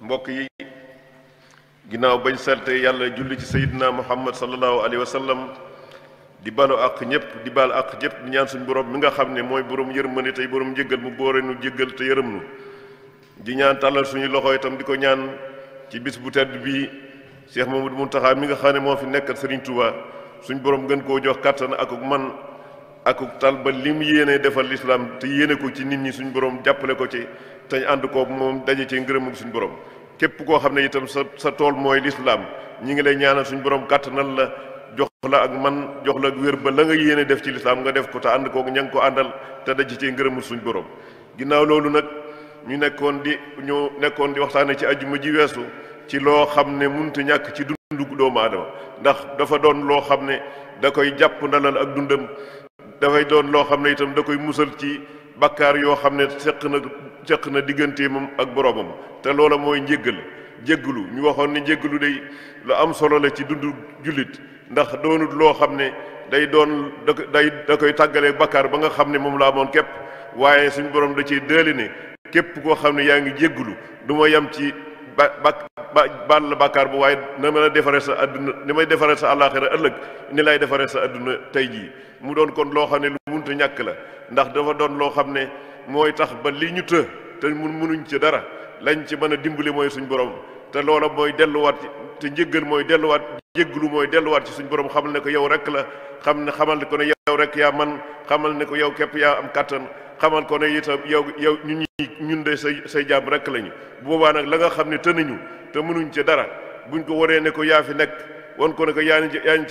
mbokk yi ginnaaw bañ salte yàlla julli ci sayidina muhammad sallallahu alayhi wa sallam di balu àq ñëpp di baal àq ñëpp di ñaan suñu borom mi nga xam ne mooy borom yërmande tey borom jéggal mu boore nu jéggal te yërëm di ñaan tàllal suñu loxo itam di ko ñaan ci bis bu tedd bii Cheikh Mamadou Mountakha mi nga xam ne moo fi nekkal Serigne Touba suñu borom gën koo jox kattan ak man. akuk tal ba lim yéene defal lislaam te yéene ko ci nit ñi suñ borom jàppale ko ci te ànd ko moom daje ci ngërëmam suñ borom képp koo xam ne itam sa sa tool mooy lislaam ñi ngi lay ñaanal suñ borom kàttanal la jox la ak man jox la ak wér ba la nga yéene def ci lislaam nga def ko te ànd koog ña ngi ko àndal te daje ci ngërëmul suñ borom ginnaaw loolu nag ñu nekkoon di ñu nekkoon di waxtaane ci ajjuma ji weesu ci loo xam ne mënut ñàkk ci dundu doomu aadama ndax dafa doon loo xam ne da koy jàpp ndalal ak dundam dafay doon loo xam ne itam da koy musal ci bakkaar yoo xam ne seq na seq na moom ak boroomam te loola mooy njéggal jéggalu ñu waxoon ne jéggalu day lu am solo la ci dundu jullit ndax doonut loo xam ne day doon da day da koy tàggalee bakkaar ba nga xam ne moom la amoon képp waaye suñu borom da ciy dëli ne képp koo xam ne yaa ngi jéggalu du ma yem ci ba baal la bàkkaar bu waaye na ma la defaree sa àdduna ni may sa àllaaxira ëllëg ni lay defaree sa àdduna tey jii mu doon kon loo xam ne lu munta ñàkk la ndax dafa doon loo xam ne mooy tax ba li ñu të te mun munuñ ci dara lañ ci mën a dimbali mooy suñu borom te loola mooy delluwaat te njëggal mooy delluwaat njëggalu mooy delluwaat ci suñ borom xamal ne ko yow rek la xam ne xamal ne ko ne yow rek yaa man xamal ne ko yow képp yaa am kàttan xamal ko ne itam yow yow ñun ñi ñun de say say jàmm rek lañu boobaa la nga xam ne tënañu te mënuñ ci dara buñ ko waree ne ko yaa fi nekk wan ko ne ko yaa ñu ci yaa ñu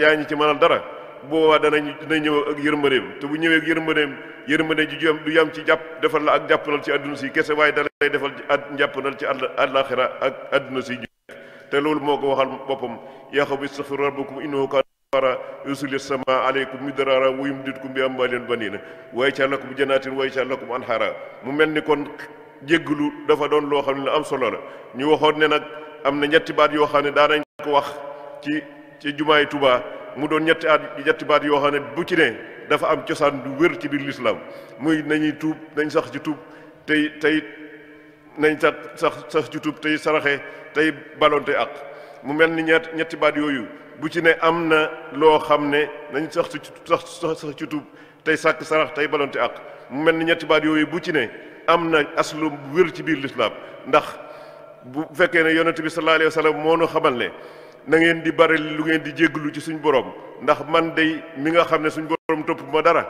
yaa ñu ci mënal dara boobaa danañ dina ñëw ak yërmandeem te bu ñëwee ak yërmandeem yërmande ji du yam ci jàpp defal la ak jàppandal ci àdduna si kese waaye da lay defal ci at jàppandal ci àllaaxira ak àdduna si te loolu moo ko waxal boppam yaa yaqub istaghfiru rabbakum innahu kaana ghaffaaran yursil as-samaa'a aleykum midraara wa yumdidkum bi amwaalin wa baniina wa yaj'al lakum jannaatin wa yaj'al lakum anhaara mu mel ni kon jégglu dafa doon loo xam ne lu am solo la ñu waxoon ne nag am na ñetti baat yoo xam ne daanañ ko wax ci ci jumaay Tuubaa mu doon ñetti at ñetti baat yoo xam ne bu ci dafa am cosaan du wér ci biir lislaam muy nañuy tuub nañ sax ci tey tey nañ sax sax sax ci tuub tey saraxe tey balonte ak mu mel ni ñett ñetti baat yooyu bu ci ne am na loo xam ne nañ sax ci sax sax ci tuub tey sàkk sarax tey balonte ak mu mel ni ñetti baat yooyu bu ci ne am na aslu wér ci biir lislaam ndax bu fekkee ne yonent bi sallallahu alayhi wa moo nu xamal ne na ngeen di bari lu ngeen di jégglu ci suñ borom ndax man day mi nga xam ne suñ borom topp ma dara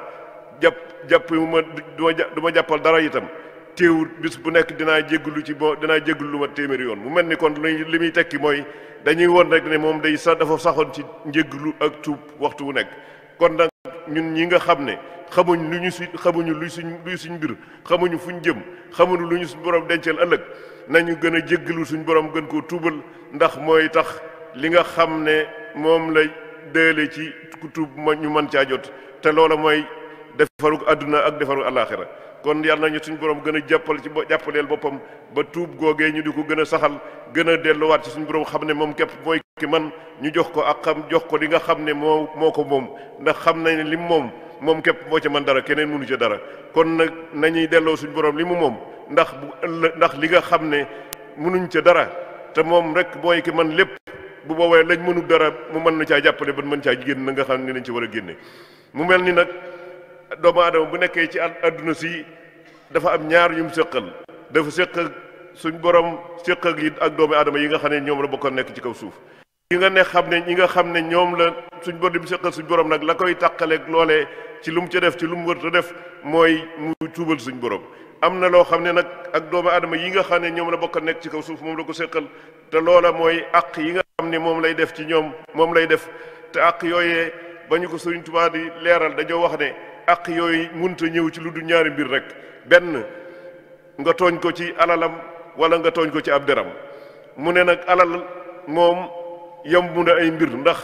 jàpp jàpp ma du ma jàppal dara itam téewut bis bu nekk dinaa jégglu ci boo dinaa jégglu lu ma téeméeri yoon mu mel ni kon li muy tekki mooy dañuy woon rek ne moom day sax dafa saxoon ci njégglu ak tuub waxtu wu nekk kon nag ñun ñi nga xam ne xamuñ lu ñu si xamuñu luy suñ luy suñ bir xamuñu fu ñu jëm xamuñu lu ñu suñ borom dencal ëllëg nañu gën a jéggalu suñ borom gën koo tuubal ndax mooy tax li nga xam ne moom la déele ci ku tuub ma ñu mën caa jot te loola mooy defaru àdduna ak defaru àllaaxira kon yàlla nañu suñ borom gën a jàppal ci jàppaleel boppam ba tuub googee ñu di ko gën a saxal gën a delluwaat ci suñu borom xam ne moom képp mooy ki man ñu jox ko ak xam jox ko li nga xam ne moo moo ko moom ndax xam nañ ne lim moom moom képp moo ca mën dara keneen mënu ca dara kon nag nañuy delloo suñ borom li mu moom ndax bu ëllëg ndax li nga xam ne mënuñ ca dara te moom rek booy ki man lépp bu boo boobee lañ mënu dara mu mën na caa jàppale ba mën caa génn na nga xam ne nañ ci war a génne mu mel ni nag doomu aadama bu nekkee ci àdduna si dafa am ñaar yum sëqal dafa sëq ak suñ borom sëq ak yi ak doomu aadama yi nga xam ne ñoom la bokkoon nekk ci kaw suuf ñi nga ne xam ne ñi nga xam ne ñoom la suñ bor di suñ borom nag la koy tàqaleeg loolee ci lu mu ca def ci lu mu wër ta def mooy muy tuubal suñ borom am na loo xam ne nag ak doomu adama yi nga xam ne ñoom la bokkal nekk ci kaw suuf moom la ko seqal te loola mooy àq yi nga xam ne moom lay def ci ñoom moom lay def te àq yooyee ba ñu ko Sëriñ Tuubaa di leeral dañoo wax ne àq yooyu mënta ñëw ci lu dul ñaari mbir rek benn nga tooñ ko ci alalam wala nga tooñ ko ci ab deram mu ne nag alal yomb na ay mbir ndax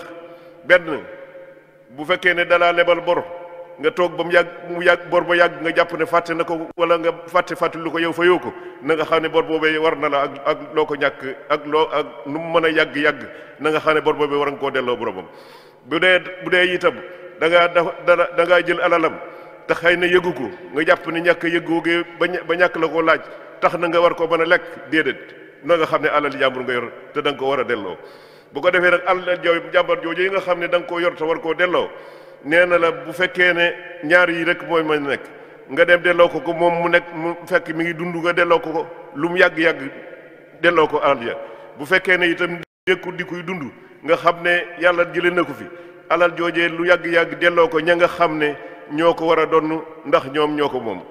benn bu fekkee ne dalaa lebal bor nga toog ba mu yàgg mu yàgg bor ba yàgg nga jàpp ne fàtte na ko wala nga fàtte fàtte lu ko yow fa yow ko na nga xam ne bor boobee war na la ak ak loo ko ñàkk ak loo ak nu mu mën a yàgg yàgg na nga xam ne bor boobee war nga koo delloo boromam. bu dee bu dee itam dangaa ngaa da da ngaa jël alalam te xëy na yëgu ko nga jàpp ne ñàkk a yëgoo gee ba ñàkk la ko laaj tax na nga war ko mën a lekk déedéet na nga xam ne alal jàmbur nga yor te danga ko war a delloo. bu ko defee nag alal jaw jàmbar jooju yi nga xam ne danga ko koo yor te war koo delloo nee na la bu fekkee ne ñaar yi rek mooy ma nekk nga dem delloo ko ko moom mu nekk mu fekk mi ngi dund nga delloo ko ko lu mu yàgg ko alal bu fekkee ne itam nekkul di kuy dund nga xam ne yàlla jëlee na ko fi alal joojee lu yàgg-yàgg delloo ko ña nga xam ne ñoo ko war a donn ndax ñoom ñoo ko moom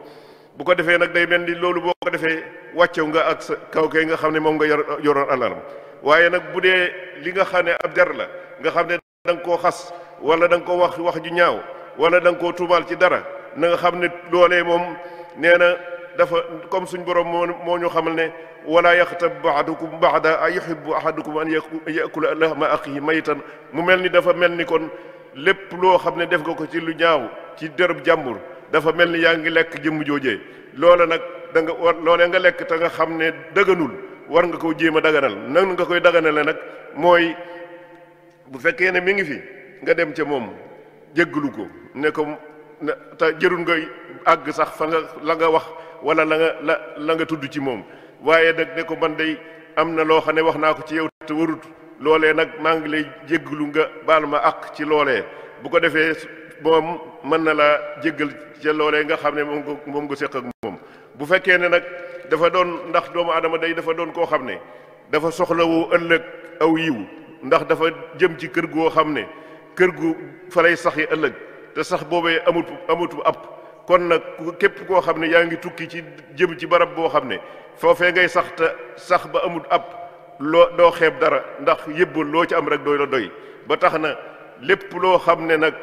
bu ko defee nag day mel ni loolu boo ko defee wàccew nga ak sa kaw kay nga xam ne moom nga yor yoroon alalam waaye nag bu dee li nga xam ne ab der la nga xam ne da nga koo xas wala danga ko wax wax ju ñaaw wala da nga koo tuumaal ci dara na nga xam ne loolee moom nee na dafa comme suñ borom moo moo ñu xamal ne wala yaxtab baadukum baada a yuhibbu ahadukum an yakula lahma axihi maytan mu mel ni dafa mel ni kon lépp loo xam ne def nga ko ci lu ñaaw ci dërëb jàmbur dafa mel ni yaa ngi lekk jëmm joojee loola nag da nga loolee nga lekk te nga xam ne dëgganul war nga koo jéem a daganal nan nga koy daganale nag mooy bu fekkee ne mi ngi fi nga dem ca moom jéggalu ko ne ko te jërul nga àgg sax fa nga la nga wax wala la nga la la nga tudd ci moom waaye nag ne ko man day am na loo xam ne wax naa ko ci yow te warut loolee nag maa ngi lay jéggalu nga baal ma àq ci loole bu ko defee moom mën na laa jéggal ca loolee nga xam ne moom moom nga séq ak moom bu fekkee ne nag dafa doon ndax doomu aadama day dafa doon koo xam ne dafa soxlawoo ëllëg aw yiw ndax dafa jëm ci kër goo xam ne kër gu fa lay sax yi ëllëg te sax boobee amut amutu ab kon nag képp koo xam ne yaa ngi tukki ci jëm ci barab boo xam ne foofee ngay sax te sax ba amut ab loo doo xeeb dara ndax yëbb loo ci am rek doy la doy ba tax na lépp loo xam ne nag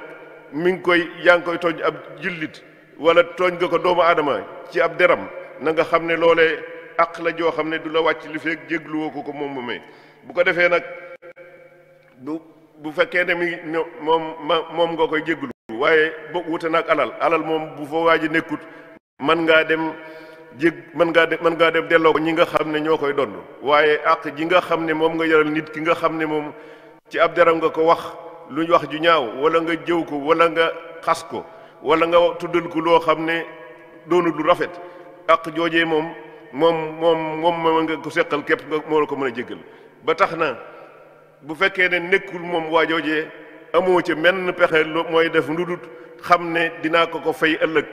mi ngi koy yaa ngi koy tooñ ab jillit wala tooñ nga ko doomu aadama ci ab deram na nga xam ne loole àq la joo xam ne du la wàcc li fekk jégluwoo ko ko moom may bu ko defee nag bu bu fekkee ne mi moom moom nga koy jéglu waaye bo wute nag alal alal moom bu fa waa ji nekkut mën ngaa dem jég mën ngaa dem mën ngaa dem delloo ko ñi nga xam ne ñoo koy dond waaye àq ji nga xam ne moom nga yaral nit ki nga xam ne moom ci ab deram nga ko wax lu wax ju ñaaw wala nga jëw ko wala nga xas ko wala nga tuddal ko loo xam ne doonu lu rafet àq joojee moom moom moom moom ma nga ko seqal képp nga moo la ko mën a jéggal ba tax na bu fekkee ne nekkul moom waa joojee amoo ca menn pexe mooy def dut xam ne dinaa ko ko fay ëllëg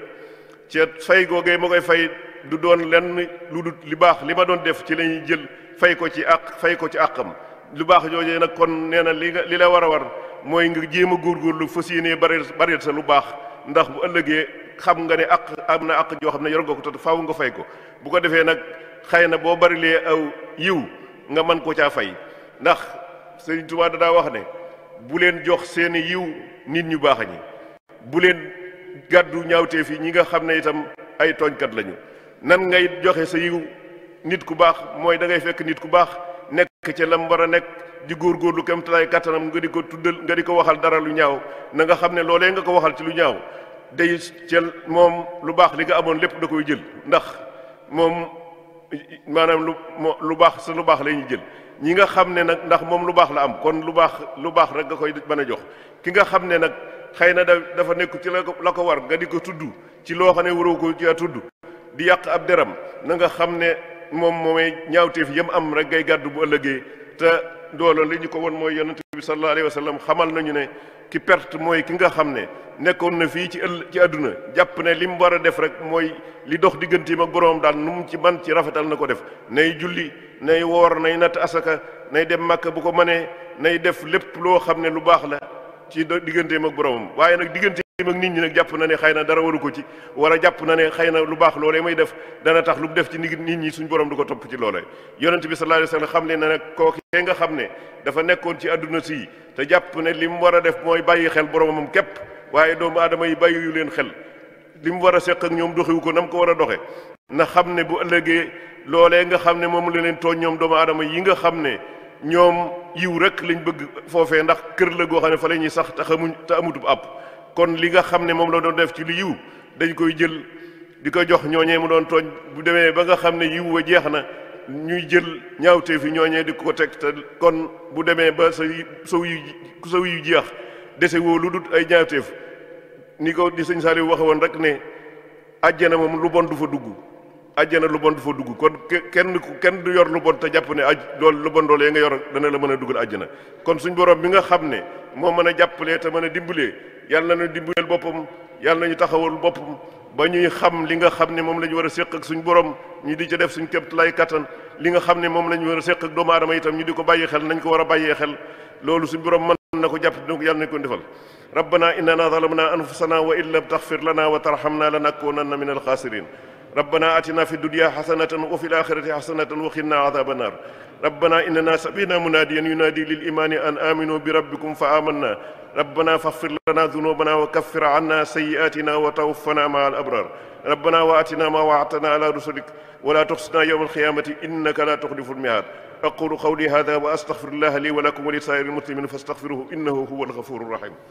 ca fay googee ma koy fay du doon lenn lu dut li baax li ma doon def ci lañuy ñuy jël fay ko ci àq fay ko ci àqam lu baax joojee nag kon nee na li li la war a war mooy nga jéem a góorgóorlu fas yéenee bari bari sa lu baax ndax bu ëllëgee xam nga ne ak am na àq joo xam ne yor nga ko te faaw nga fay ko bu ko defee nag xëy na boo bari lee aw yiw nga mën koo caa fay ndax Sëriñ Tuubaa dadaa wax ne bu leen jox seeni yiw nit ñu baax ñi bu leen gàddu ñaawteef yi ñi nga xam ne itam ay tooñkat lañu nan ngay joxe sa yiw nit ku baax mooy da fekk nit ku baax nekk ca lam war a nekk di góorgóorlu kem talaay kattanam nga di ko tuddal nga di ko waxal dara lu ñaaw na nga xam ne loolee nga ko waxal ci lu ñaaw day cel moom lu baax li nga amoon lépp da koy jël ndax moom maanaam lu moo lu baax sa lu baax la ñuy jël ñi nga xam ne nag ndax moom lu baax la am kon lu baax lu baax rek nga koy mën a jox ki nga xam ne nag xëy na dafa nekk ci la ko la ko war nga di ko tudd ci loo xam ne waroo ko ci tudd di yàq ab deram na nga xam ne moom moom moomay ñaawteef yam am rek ngay gàdd bu ëllëgee te doola li ñu ko won mooy yonent bi sallallahu alayhi wa sallam xamal nañu ne ki perte mooy ki nga xam ne nekkoon na fii ci ëll ci àdduna jàpp ne li mu war a def rek mooy li dox digganteem ak boroom daal nu mu ci man ci rafetal na ko def nay julli nay woor nay natt asaka nay dem màkk bu ko manee nay def lépp loo xam ne lu baax la ci digganteem ak boroomam waaye nag diggante ak nit ñi nag jàpp na ne xëy na dara waru ko ci war a jàpp na ne xëy na lu baax loolee may def dana tax lu mu def ci nit nit ñi suñ borom du ko topp ci loolee yonent bi sallallahu alayhi wasallam xam leen ne nag kookee nga xam ne dafa nekkoon ci àdduna si te jàpp ne li mu war a def mooy bàyyi xel boromam képp waaye doomu aadama yi bàyyi yu leen xel li mu war a seq ak ñoom doxewu ko nam ko war a doxe na xam ne bu ëllëgee loolee nga xam ne moom la leen tooñ ñoom doomu aadama yi nga xam ne ñoom yiw rek lañ bëgg foofee ndax kër la goo xam ne fa la ñuy sax te xamuñ te kon li nga xam ne moom la doon def ci lu yiw dañ koy jël di ko jox ñooñee mu doon tooñ bu demee ba nga xam ne yiw wa jeex na ñuy jël ñaawteef yi ñooñee di ko teg te kon bu demee ba sa saw yu saw yu jeex dese woo lu dut ay ñaawteef ni ko di sëñ Saliou waxe woon rek ne ajjana moom lu bon du fa dugg ajjana lu bon du fa dugg kon kenn kenn du yor lu bon te jàpp ne aj loolu lu bon doole nga yor dana la mën a dugg dugal ajjana kon suñ boroom bi nga xam ne moo mën a jàppalee te mën a dimbalee yàlla na dimbaleel boppam yàlla ñu taxawal boppam ba ñuy xam li nga xam ne moom la ñu war a séq ak suñ borom ñu di ca def suñ képp lay kattan li nga xam ne moom la ñu war a séq ak doomu aadama itam ñu di ko bàyyi xel nañ ko war a bàyyee xel loolu suñ borom mën na ko jàpp donc yàlla nañ ko defal rabbana innana zalamna anfusana wa in lam taxfir lana wa tarhamna lanakunanna min alxaasirin rabbana atina fi dunya xasanatan wa fi l axirati xasanatan wa qina adaba ربنا إننا سمعنا مناديا ينادي للإيمان أن آمنوا بربكم فآمنا ربنا فاغفر لنا ذنوبنا وكفر عنا سيئاتنا وتوفنا مع الأبرار ربنا وآتنا ما وعدتنا على رسلك ولا تخزنا يوم القيامة إنك لا تخلف الميعاد أقول قولي هذا وأستغفر الله لي ولكم ولسائر المسلمين فاستغفروه إنه هو الغفور الرحيم